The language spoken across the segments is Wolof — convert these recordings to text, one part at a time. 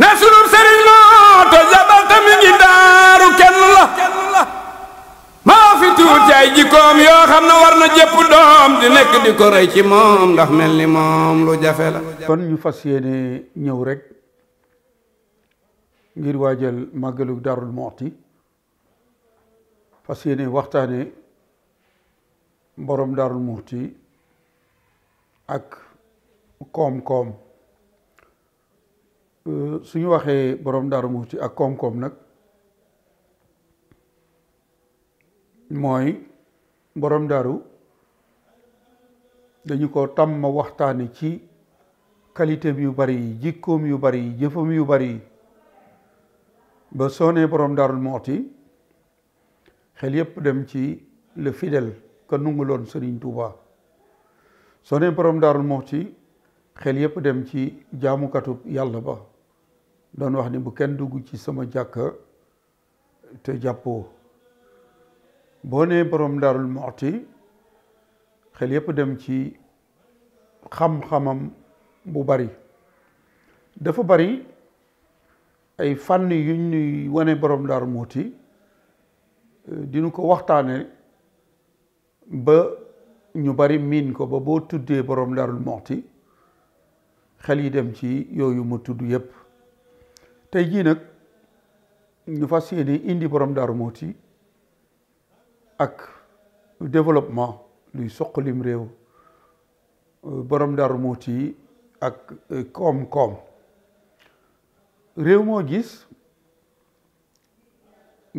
ne sunu sëriñ moo to jabalta mi ngi daaru kenn la maa fi tuuti ay jikkoom yoo xam ne war na jëpp doom di nekk di ko rey ci moom ndax mel ni moom lu jafe la kon ñu fas yéene ñëw rek ngir waajal màggalu Daarul Muxti fas yéene waxtaane borom Daarul Muxti ak koom-koom suñu waxee borom Daaru Muxti ak koom-koom nag mooy borom daaru dañu ko tàmm waxtaane ci qualité yu bari yi jikkoom yu bari yi jëfam yu bari yi ba soonee borom Daaru Muxti xel yépp dem ci le fidel ka nunguloon Sëriñ Tuuba soonee borom Daaru Muxti xel yépp dem ci jaamukatub yàlla ba doon wax ni bu kenn dugg ci sama jàkk te jàppoo boo nee borom Daarul Muxti xel yépp dem ci xam-xamam bu bari dafa bari ay fànn yu ñuy wane borom Daarul Muxti eh, dinu ko waxtaane ba ñu bari miin ko ba boo tuddee borom darul Muxti xel yi dem ci yooyu ma tudd yépp tey jii nag ñu fas yéene indi borom Daaru Muhti ak développement luy soqalim réew borom Daaru Muhti ak koom-koom réew moo gis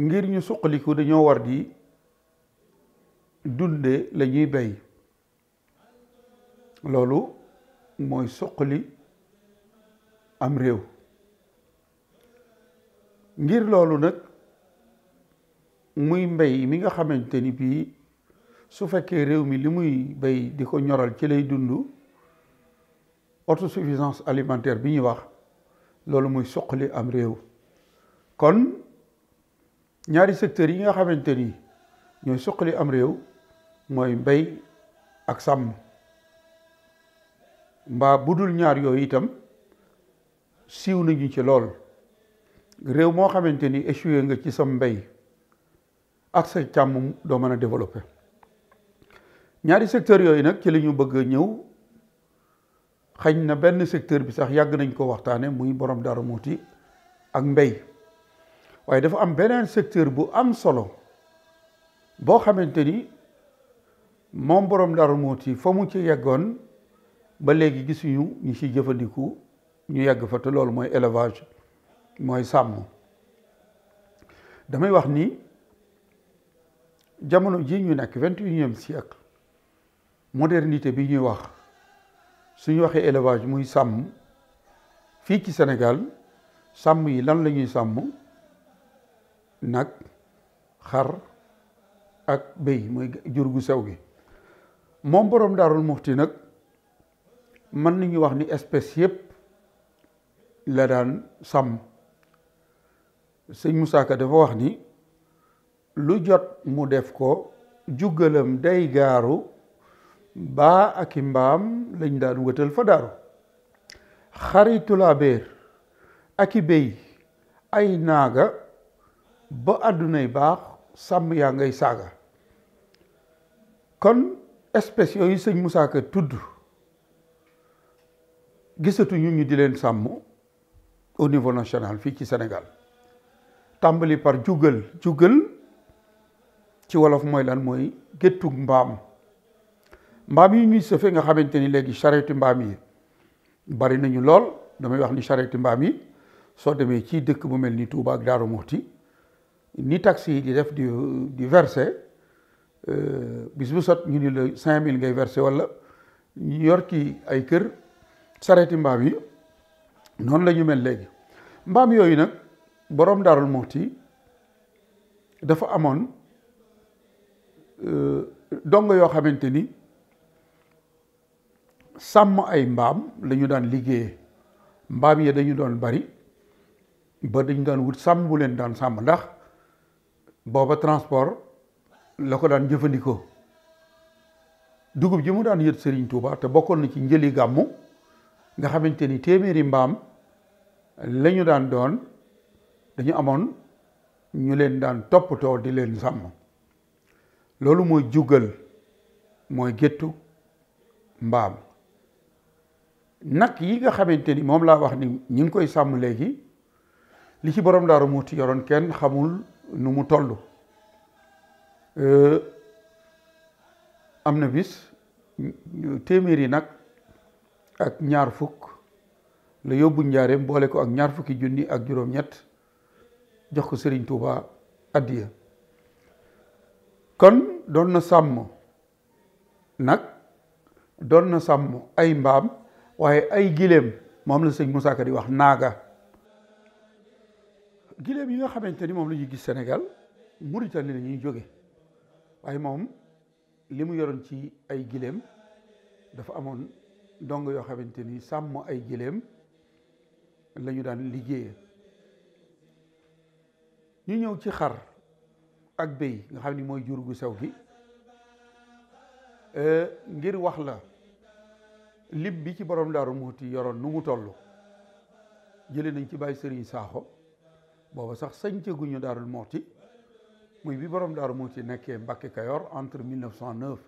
ngir ñu suqaliku dañoo war di dunde la ñuy bay loolu mooy suqali am réew ngir loolu nag muy mbay mi nga xamante ni bii su fekkee réew mi li muy bay di ko ñoral ci lay dund autosuffisance alimentaire bi ñuy wax loolu muy suqali am réew kon ñaari secteurs yi nga xamante ni ñooy suqali am réew mooy mbay ak sàmm mbaa budul ñaar yooyu itam siiw nañu ci lool réew moo xamante ni échoué nga ci sa mbéy ak sa càmm doo mën a développé ñaari secteur yooyu nag ci li bëgg a ñëw xañ na benn secteur bi sax yàgg nañ ko waxtaane muy borom Darou Mouhty ak mbéy waaye dafa am beneen secteur bu am solo boo xamante ni moom borom Darou Mouhty foo mu ci yeggoon ba léegi gisuñu ñu ci jëfandiku ñu yegg fa te loolu mooy élevage mooy sàmm damay wax ni jamono ji ñu nekk vingt et unième siècle modernité bi ñuy wax suñu waxee élevage muy sàmm fii ci Sénégal sàmm yi lan la ñuy sàmm nag xar ak béy mooy jur gu sew gi moom boroom daarul muxti nag man nañu wax ni espèce yépp la daan sàmm sëñ Moussa Ka dafa wax ni lu jot mu def ko juggalam day gaaru baa ak i mbaam lañ daan wëtal fa daaru xaritu laa béer ak i béy ay naaga ba àddunay baax sàmm yaa ngay saaga kon espèces yooyu sëñ Moussa tudd gisatu ñu ñu di leen sàmm au niveau national fii ci Sénégal tàmbali par jugal jugal ci wolof mooy lan mooy géttug mbaam mbaam yi ñuy sëfe nga xamante ni léegi charrette mbaam yi bari nañu lool damay wax ni charrette mbaam yi soo demee ci dëkk bu mel ni tuuba ak Daaru Muxti ni taxi yi di def di di verser euh, bis bu sot ñu ni la cinq mille ngay verser wala ñu yor ci ay kër charrette mbaam yi noonu la ñu mel léegi mbaam yooyu nag boroom daarul muxti dafa amoon euh, dong yoo xamante ni sàmm ay mbaam lañu daan liggéeyee mbaam yi dañu doon bari ba dañu daan wut sàmm bu leen daan sàmm ndax booba transport la ko daan jëfandikoo dugub ji mu daan yët Serigne Touba te bokkoon na ci njëli gàmmu nga xamante ni téeméeri mbaam la ñu daan doon dañu amoon ñu leen daan toppatoo di leen sàmm loolu mooy jugal mooy géttu mbaam nag yi nga xamante ni moom laa wax ni ñu ngi koy sàmm léegi li ci borom daaru muuti yoroon kenn xamul nu mu toll am na bis téeméeri nag ak ñaar fukk la yóbbu njaareem boole ko ak ñaar fukki junni ak juróom-ñett jox ko Serigne Touba addiya kon doon na sàmm nag doon na sàmm ay mbaam waaye ay gileem moom la sëñ Moussa Ka di wax naaga gileem yi nga xamante ni moom lañuy gis senegal Mauritanie la ñuy jóge waaye moom li mu yoroon ci ay gileem dafa amoon dong yoo xamante ni sàmm ay gileem lañu daan liggéeye ñu ñëw ci xar ak béy nga xam ni mooy jur gu sew gi euh, ngir wax la lim bi ci borom daaru muuti yoroon nu mu toll jële nañ ci bàyyi sëriñ saaxo booba sax sañceguñu daarul muuti muy bi borom daaru muuti nekkee Mbàkke Kayoor entre 1909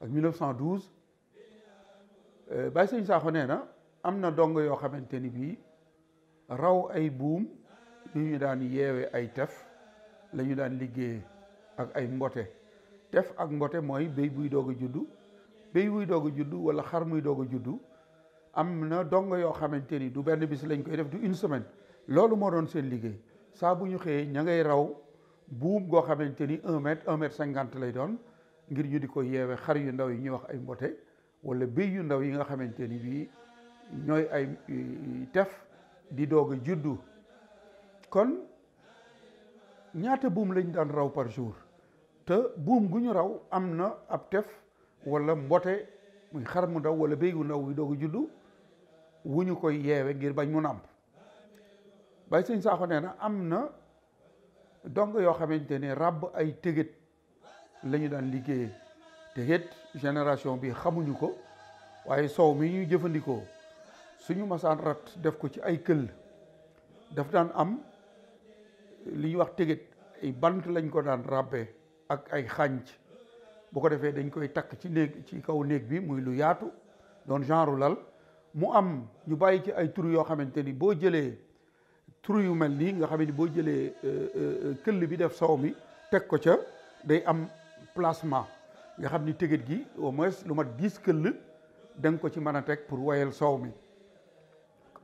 ak 1912 euh, bàyyi sëriñ saaxo nee na am na dong yoo xamante ni bii raw ay buum lu ñu daan yeewe ay tef la ñu daan liggéeye ak ay mbote tef ak mbote mooy béy buy doog a juddu béy buy doog a juddu wala xar muy doog a juddu am na dongo yoo xamante ni du benn bis lañ koy def du une semaine loolu moo doon seen liggéey saa bu ñu xëyee ña ngay raw buum goo xamante ni un mètre un mètre cinquante lay doon ngir ñu di ko yeewe xar yu ndaw yi ñuy wax ay mbote wala béy yu ndaw yi nga xamante ni bii ñooy ay eh, tef di doog a juddu kon ñaata buum lañ daan raw par jour te buum gu ñu raw am na ab tef wala mbote muy xar mu ndaw wala béy wu ndaw wi doog a juddu wu ñu koy yeewe ngir bañ mu nàmp bay sëñ Sakho nee na am na dong yoo xamante ne ràbb ay tëgët lañu ñu daan liggéeyee tëgët génération bi xamuñu ko waaye soow mi ñuy jëfandikoo suñu masaan rat def ko ci ay këll daf daan am li ñuy wax tëgët bant lañ ko daan ràbbe ak ay xànc bu ko defee dañ koy takk ci néeg ci kaw néeg bi muy lu yaatu doon genre lal mu am ñu bàyyi ci ay tur yoo xamante ni boo jëlee tur yu mel nii nga xam ni boo jëlee euh, euh, euh, këll bi def sow mi teg ko ca day am placement nga xam ni tëgët gi au moins lu mat gis këll da nga ko ci mën a teg pour woyal sow mi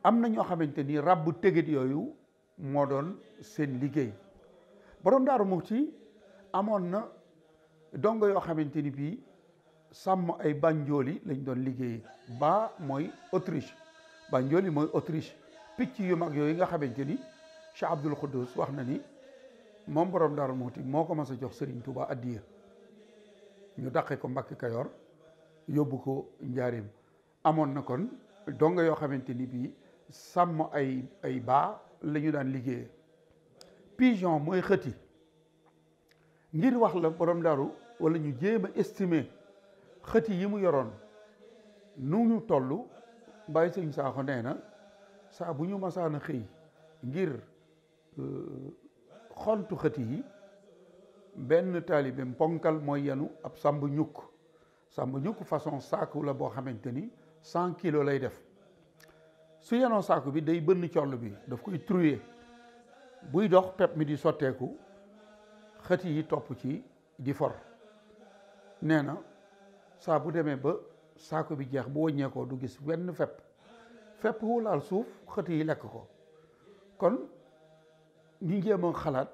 am na ñoo xamante ni ràbb tëgët yooyu moo doon seen liggéey borom daaru muxti amoon na dongo yoo xamante ni bii sàmm ay banjooli lañ doon liggéey ba mooy Autriche banjooli mooy Autriche picc yu mag yooyu nga xamante ni Cheikh Abdul Xuddus wax na ni moom borom daaru muxti moo ko mas a jox Serigne Touba addiya ñu daqe ko Mbàkke Kayoor yóbbu ko njaareem amoon na kon dongo yoo xamante ni bii sàmm ay ay baa la ñu daan liggéeyee pigeon mooy xëti ngir wax la borom daru walla ñu jéem a estimer xëti yi mu yoroon nu ñu toll bàyyi sëñ saaxo nee na saa bu ñu masaan a xëy ngir euh, xontu xëti yi benn taalibeem ponkal mooy yenu ab sàmb ñukk sàmb ñukk façon saaku la boo xamante ni cent kilo lay def su yenoo saako bi day bënn coll bi daf koy trouer buy dox pepp mi di sotteeku xët yi topp ci di for nee na saa bu demee ba saako bi jeex bu wàññeekoo du gis wenn fepp fepp wu laal suuf xët yi lekk ko kon ñu jéem xalaat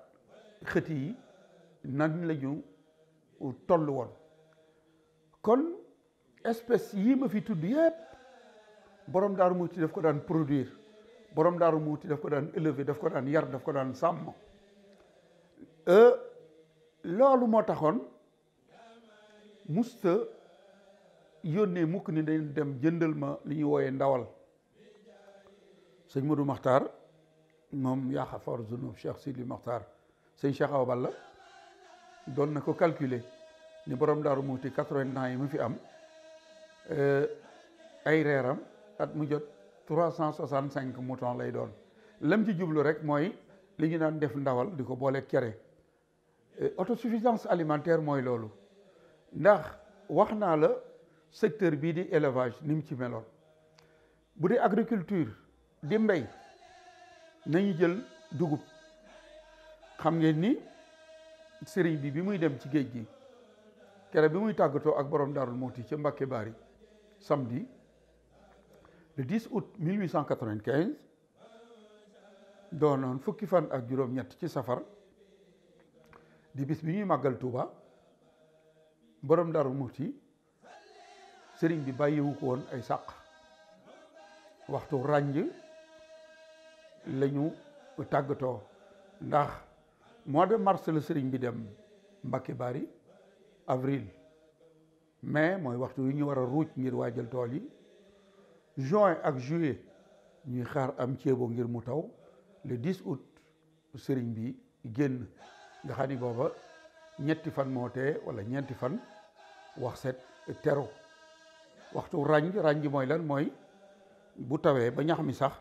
xët yi nan la ñu toll woon kon espèce yi ma fi tudd yépp borom daaru muuti daf ko daan produire boroom daaru muuti daf ko daan élever daf ko daan yar daf ko daan sàmm euh, loolu moo taxoon musta yónnee mukk ni dañ dem jëndal ma li ñuy wooyee ndawal sëñ Modou Maxtaar moom yaaxa for zunub Cheikh Sidi Maxtaar sëñ Cheikh Awa Balla doon na ko calculer ni boroom daaru muuti quatre-vingts ans yi mu fi am euh, ay reeram at mu jot trois cent soixante cinq mouton lay doon lam ci jublu rek mooy li ngi daan def ndawal di ko boole cere euh, autosuffisance alimentaire mooy loolu ndax wax naa la secteur bii di élevage ni mu ci meloon bu di agriculture di mbéy nañu jël dugub xam ngeen ni sëriñ bi bi muy dem ci géej gi kere bi muy tàggatoo ak borom daarul muuti ca Mbàkke Baari samedi le 10 août 1895 doonoon fukki fan ak juróom-ñett ci safar di bis bi ñuy màggal Touba borom Daaru Muxti sëriñ bi bàyyiwu ko woon ay sàq waxtu ràññ lañu tàggatoo ndax mois de mars la sëriñ bi dem Mbàkke Bari avril mai mooy waxtu yu ñu war a ruuj ngir waajal tool yi juin ak juillet ñuy xaar am ceebo ngir mu taw le 10 août sëriñ bi génn nga xam ni booba ñetti fan moo tee wala ñeenti fan wax set teru waxtu ràññ ràññ mooy lan mooy bu tawee ba ñax mi sax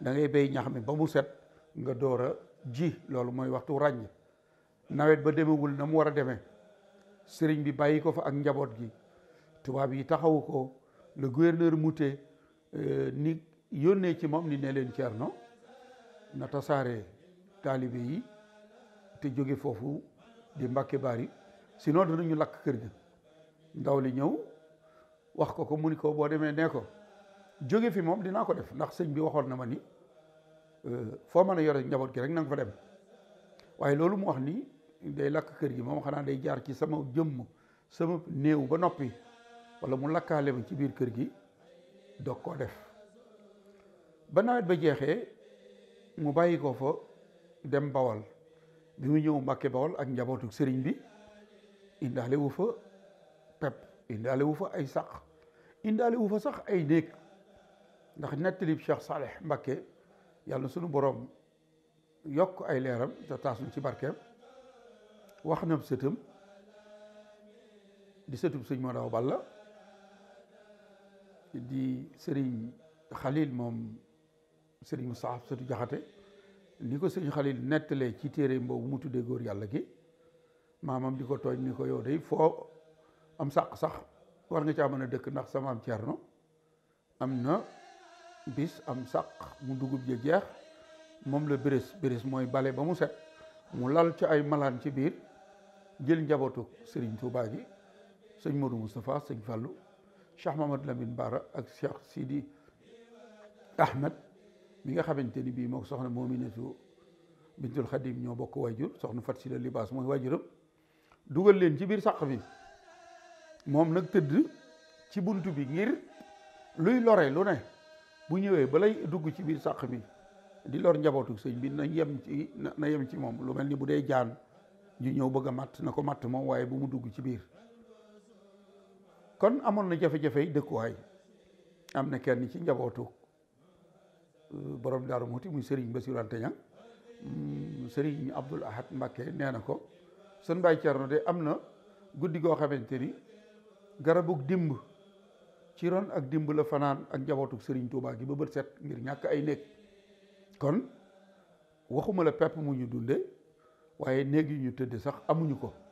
da ngay béy ñax mi ba mu set nga door a ji loolu mooy waxtu ràññ nawet ba demewul na mu war a demee sëriñ bi bàyyi ko fa ak njaboot gi tubaab yi taxawu ko le gouverneur Moutet Euh, nit yónnee ci moom ni ne leen Cerno na tasaare taalibe yi te jóge foofu di Mbàkke Bari sinon danañu lakk kër gi ndaw li ñëw wax ko ko mu ni ko boo demee ne ko jóge fi moom dinaa ko def ndax sëñ bi waxoon na ma ni euh, foo mën a yore njaboot gi rek na nga fa dem waaye loolu mu wax nii day lakk kër gi moom xanaa day jaar ci sama jëmm sama néew ba noppi wala mu lakkaale ma ci biir kër gi doog koo def ba nawet ba jeexee mu bàyyi ko fa dem bawal bi mu ñëw Mbàkke bawal ak njabootu sëriñ bi indaale wu fa pep indaale wu fa ay sàq indaale wu fa sax ay néeg ndax nettalib Cheikh Saleh Mbàkke yàlla sunu borom yokk ay leeram te taasuñ ci barkeem wax na sëtam di sëtub sëñ Modaw Balla di sëriñ Xalil moom sëriñ mu sa Absatou Jaxate ni ko sëriñ Xalil nettalee ci téere boobu mu tuddee góor yàlla gi maamam di ko tooñ ni ko yow day foo am sàq sax war nga caa mën a dëkk ndax sama am Ceerno am na bis am sàq mu dugub ja jeex moom la béris béris mooy bale ba mu set mu lal ci ay malaan ci biir jël njabootu sëriñ Tuubaa gi sëñ Modou Moustapha sëñ Fallou Cheikh Mamadou Lamine Bara ak Cheikh Sidi Ahmed mi nga xamante ni bii moom soxna Moominatu Bintul Xadim ñoo bokk waajur soxna Fat Sila Libaas moo waajuram dugal leen ci biir sàq bi moom nag tëdd ci bunt bi ngir luy lore lu ne bu ñëwee balay dugg ci biir sàq bi di lor njabootu sëñ bi na yem ci ci moom lu mel ni bu dee jaan ñu ñëw bëgg a matt na ko matt moom waaye bu mu dugg ci biir kon amoon na jafe-jafey dëkkuwaay am na kenn ci njabootu euh, borom daaru Muxti muy sëriñ Bassirou Anta Niang mm, Serigne Abdoul Ahad Mbacké nee na ko sun Baay Cerno de am na guddi goo xamante ni garabug dimb ci ron ak dimb la fanaan ak njabootu Serigne Touba gi ba bët set ngir ñàkk ay néeg kon waxuma la pepp mu ñu dunde waaye néeg yi ñu tëdd sax amuñu ko